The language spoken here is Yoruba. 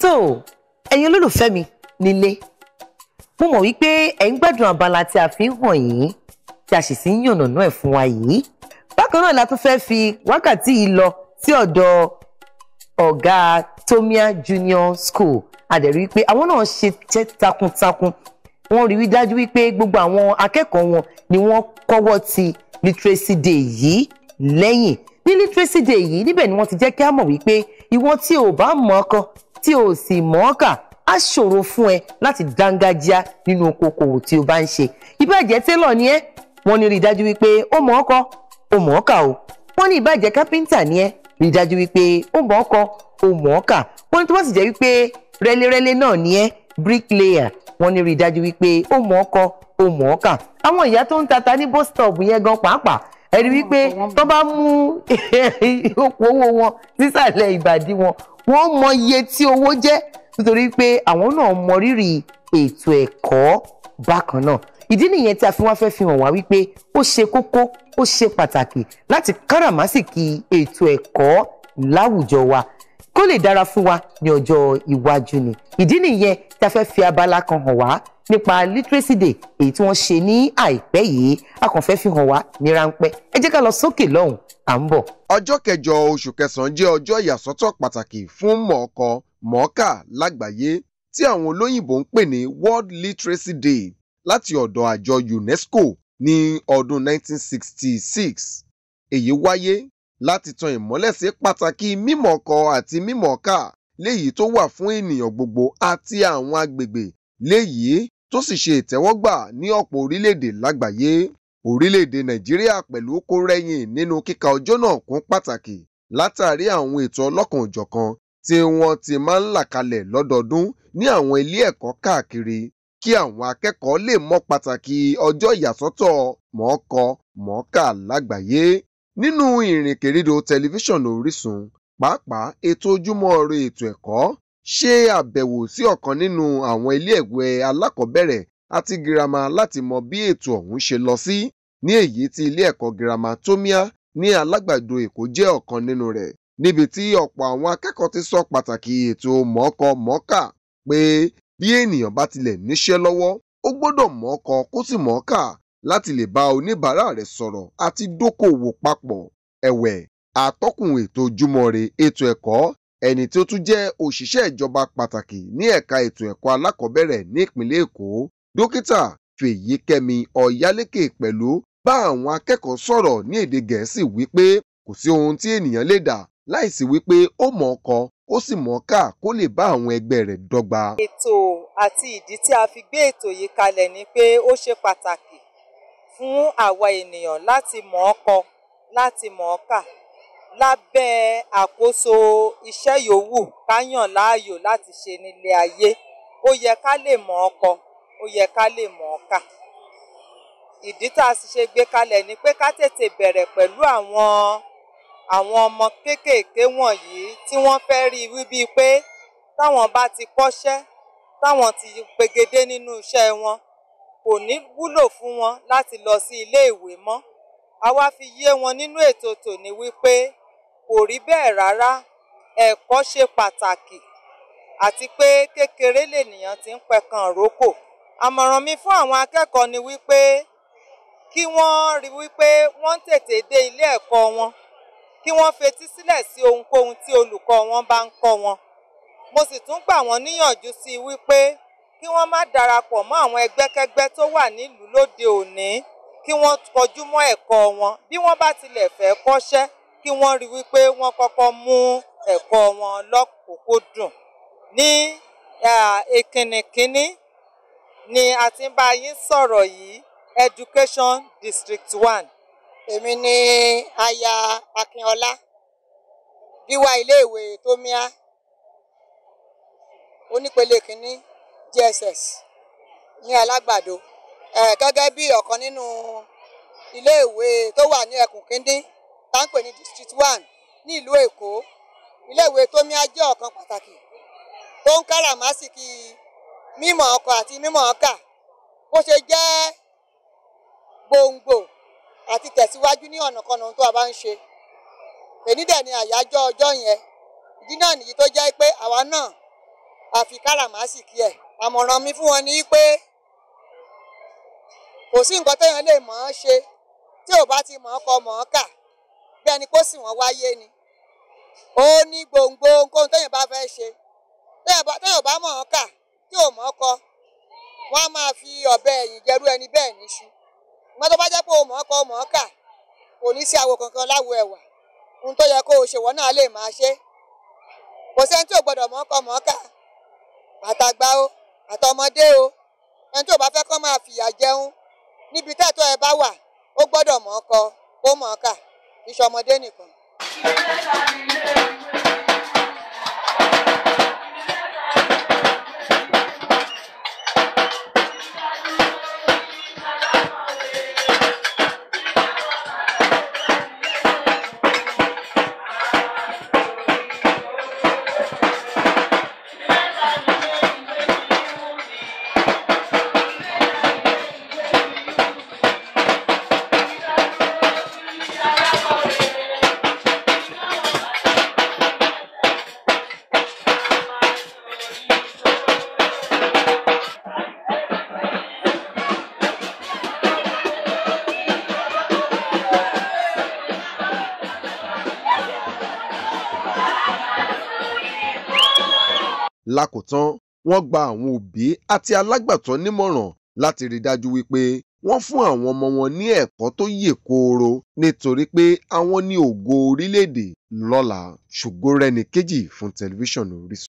tó ẹ̀yin olólùfẹ́ mi nílé mo mọ̀ wípé ẹ̀ ń gbádùn abala tí a fi ń hàn yín tí a sì sí ń yànnàná ẹ̀ fún wa yìí bákan náà la tún fẹ́ fi wákàtí yìí lọ sí ọ̀dọ̀ ọ̀gá Tomia Junior School àdẹ̀rí wípé àwọn náà ṣe jẹ́ takuntakun wọ́n rí i dájú wípé gbogbo àwọn akẹ́kọ̀ọ́ wọn ni wọ́n kọ́wọ́ ti literacy day yìí lẹ́yìn ní literacy day yìí níbẹ̀ ni wọ́n ti jẹ́ kí a mọ̀ wípé ìwọ tí ò bá mọ̀ ọkàn tí o sì mọ̀ ọ́ kà á ṣòro fún ẹ láti dángájíá nínú okòkòwò tí o bá ń ṣe ìbàjẹ́ télọ̀ ni ẹ́ wọ́n ní rí i dájú wípé ó mọ̀ ọ́ kọ ó mọ̀ ọ́ kà o wọ́n ní ìbàjẹ́ kápẹ́ńtà ni ẹ́ rí i dájú wípé ó mọ̀ ọ́ kọ ó mọ̀ ọ́ kà wọ́n ní tó bá sì jẹ́ wípé rẹ́lẹ́rẹ́lẹ́ náà ni ẹ́ bricklayer wọ́n ní rí i dájú wípé ó mọ̀ ọ́ kọ ó mọ̀ ọ́ kà àwọn ìyá tó ń tata ní bus stop yẹn gan pàápàá ẹni wípé tó bá mú okùn owó wọn sísàlẹ̀ ìbàdí wọn wọ́n mọ iye tí owó jẹ́ nítorí pé àwọn náà mọ rírì ètò ẹ̀kọ́ bákan náà ìdí nìyẹn tí a fi wá fẹ́ fi hàn wá wípé ó ṣe kókó ó ṣe pàtàkì láti káràmásìkì ètò ẹ̀kọ́ láwùjọ wa kó lè dára fún wa ní ọjọ́ iwájú ni ìdí nìyẹn tí a fẹ́ fi abala kan hàn wá nípa literacy day èyí tí wọ́n ṣe ní àìpẹ́ yìí a kàn fẹ́ fi hàn wá ní ráńpẹ́ ẹ jẹ́ ká lọ sókè lọ́hùn à ń bọ̀. ọjọ́ kẹjọ oṣù kẹsàn-án jẹ́ ọjọ́ ìyàsọ́tọ̀ pàtàkì fún mọ̀ọ́kọ mọ̀ọ́kà lágbàáyé tí àwọn olóyìnbó ń pè ní world literacy day láti ọ̀dọ̀ àjọ unesco ní ọdún 1966 èyí wáyé láti tan ìmọ́lẹ̀ sí pàtàkì mímọ̀ọ́kọ àti mímọ̀ọ́kà léyìí tó wà fún ènìyàn gbogbo àti àwọn agbègbè léyìí tó sì ṣe ìtẹ́wọ́gbà ní ọ̀pọ̀ orílẹ̀-èdè lágbàáyé. Orílẹ̀-èdè Nàìjíríà pẹ̀lú kó rẹ́yìn nínú kíka ọjọ́ náà kún pàtàkì látàrí àwọn ètò ọlọ́kan-ò-jọ̀kan tí wọ́n ti máa ń là kalẹ̀ lọ́dọọdún ní àwọn ilé ẹ̀kọ́ káàkiri kí àwọn akẹ́kọ̀ọ́ lè mọ pàtàkì ọjọ́ ìyàsọ́tọ̀ mọ̀ọ́kọ-mọ̀ọ́kà lágbàáyé. Nínú ìrìnkèrindò tẹlifíṣàn Orísun pàápàá ètò ojúmọ́ ire ètò ẹ̀kọ́ ṣe àbẹ̀wò sí ọ̀kan nínú àwọn ilé-ìwé alákọ̀ọ́bẹ̀rẹ̀ àti girama láti mọ bí ètò ọ̀hún ṣe lọ sí, ní èyí tí ilé-ẹ̀kọ́ girama Tomia ní Alágbàdo Èkó jẹ́ ọ̀kan nínú rẹ̀, níbi tí ọ̀pọ̀ àwọn akẹ́kọ̀ọ́ ti sọ pàtàkì ètò mọ̀ọ́kọ-mọ̀ọ́kà pé bí ènìyàn bá tilẹ̀ níṣẹ́ lọ́wọ́, ó gbọ́dọ̀ mọ̀ọ́kọ kó sì mọ̀ọ́kà láti lè bá oníbàárà rẹ̀ sọ̀rọ̀ àti dókòwò papọ̀. Ẹ̀wẹ̀, atọ́kùn ètò Ojúmọ́ ètò ẹ̀kọ́ ẹni tí ó tún jẹ́ òṣìṣẹ́ ìjọba pàtàkì ní ẹ̀ka ètò ẹ̀kọ́ alákọ̀ọ́bẹ̀rẹ̀ ní ìpínlẹ̀ Èkó dókítà Fèyíkẹ́mi Ọ̀yálékè pẹ̀lú bá àwọn akẹ́kọ̀ọ́ sọ̀rọ̀ ní èdè Gẹ̀ẹ́sì wípé kò sí ohun tí ènìyàn lè dà láìsí wípé ó mọ̀ ọ́ kọ ó sì mọ̀ ọ́ kà kó lè bá àwọn ẹgbẹ́ rẹ̀ dọ́gba. ètò àti ìdí tí a fi gbé ètò yìí kalẹ̀ ni pé ó ṣe pàtàkì fún àwa ènìyàn láti mọ̀ ọ́ láti mọ̀ ọ́ lábẹ́ àkóso iṣẹ́ yòówù ká yàn láàyò láti ṣe nílé ayé ó yẹ ká lè mọ̀ ọ́ kọ ó yẹ ká lè mọ̀ ọ́ kà ìdí tá a sì ṣe gbé kalẹ̀ ni pé ká tètè bẹ̀rẹ̀ pẹ̀lú àwọn àwọn ọmọ kéékèèké wọ̀nyí tí wọ́n fẹ́ rí i wíbí pé táwọn bá ti kọ́ṣẹ́ táwọn ti pegedé nínú iṣẹ́ wọn kò ní wúlò fún wọn láti lọ sí ilé ìwé mọ́ a wá fi yé wọn nínú ètò tòní wípé kò rí bẹ́ẹ̀ rárá ẹ̀kọ́ ṣe pàtàkì àti pé kékeré lènìyàn ti ń pẹ̀kan rókò àmọ̀ràn mi fún àwọn akẹ́kọ̀ọ́ ni wípé kí wọ́n rí wípé wọ́n tètè dé ilé ẹ̀kọ́ wọn kí wọ́n fetí sílẹ̀ sí ohunkóhun tí olùkọ́ wọn bá ń kọ́ wọn mo sì tún gbà wọ́n níyànjú sí i wípé kí wọ́n má darapọ̀ mọ́ àwọn ẹgbẹ́kẹ́gbẹ́ tó wà nílùú lóde òní kí wọ́n kọjú mọ́ ẹ̀kọ́ wọn bí wọ́n bá tilẹ̀ fẹ́ kọ́ṣẹ́ kí wọ́n rí wípé wọ́n kọ́kọ́ mú ẹ̀kọ́ wọn lọ́kùnkúndùn ní ìkíníkíní ni a ti ń bá yín sọ̀rọ̀ yìí education district one. èmi ni aya akínọlá bíwá iléèwé tómíà onípele kínní JSS ní alágbàdo gẹ́gẹ́ bí ọ̀kan nínú iléèwé tó wà ní ẹkùn kíndín tá ń pè ní district one ní ìlú Èkó iléèwé tómíà jẹ́ ọ̀kan pàtàkì tó ń káràmásìkì mímọ̀ ọkọ àti mímọ̀ ọkà bó ṣe jẹ́ gbòǹgbò àti tẹ̀síwájú ní ọ̀nàkọ̀nà tó a bá ń ṣe èní ni àyájọ́ ọjọ́ yẹn ìdí náà nìyí tó jẹ́ pé àwa náà àfi káràmásìkì ẹ̀ àmọ̀ràn mi fún wọn ni pé kò sí nǹkan téèyàn lè mọ̀ ọ́n ṣe tí ò bá ti mọ̀ ọ́n kọ mọ̀ ọ́n kà bí ẹni kó sì wọ́n wáyé ni ó ní gbòǹgbò ohunkóhun téèyàn bá fẹ́ ṣe téèyàn bá mọ̀ ọ́n kà tí ò mọ̀ ọ́ kọ wọ́n á máa fi ọ̀bẹ ẹ̀yìn jẹrú ẹni bẹ́ẹ̀ níṣu ìgbọ́n tó bá jẹ́ pé o mọ̀ ọ́n kọ o mọ̀ ọ́n kà kò ní sí awo kankan láwo ẹ̀wà ohun tó yẹ kó o ṣèwọ́ náà lè máa ṣe kò sẹ́ni tí ò gbọ́dọ̀ mọ̀ ọ́n kọ mọ̀ ọ́n kà àtàgbà o àtọmọdé o ẹni tí ò bá fẹ́ kọ́ máa fìyà jẹun níbi tẹ́tọ́ ẹ bá wà ó gbọ́dọ̀ mọ̀ ọ́n kọ ó mọ̀ ọ́n kà iṣọmọdé nìkan. Lákòótán, wọ́n gba àwọn òbí àti alágbàtọ́ nímọ̀ràn láti rí dájú wípé wọ́n fún àwọn ọmọ wọn ní ẹ̀kọ́ tó yè kooro nítorí pé àwọn ni ògo orílẹ̀-èdè lọ́la. Ṣògorẹ̀níkejì fún tẹlifíṣàn Orísun.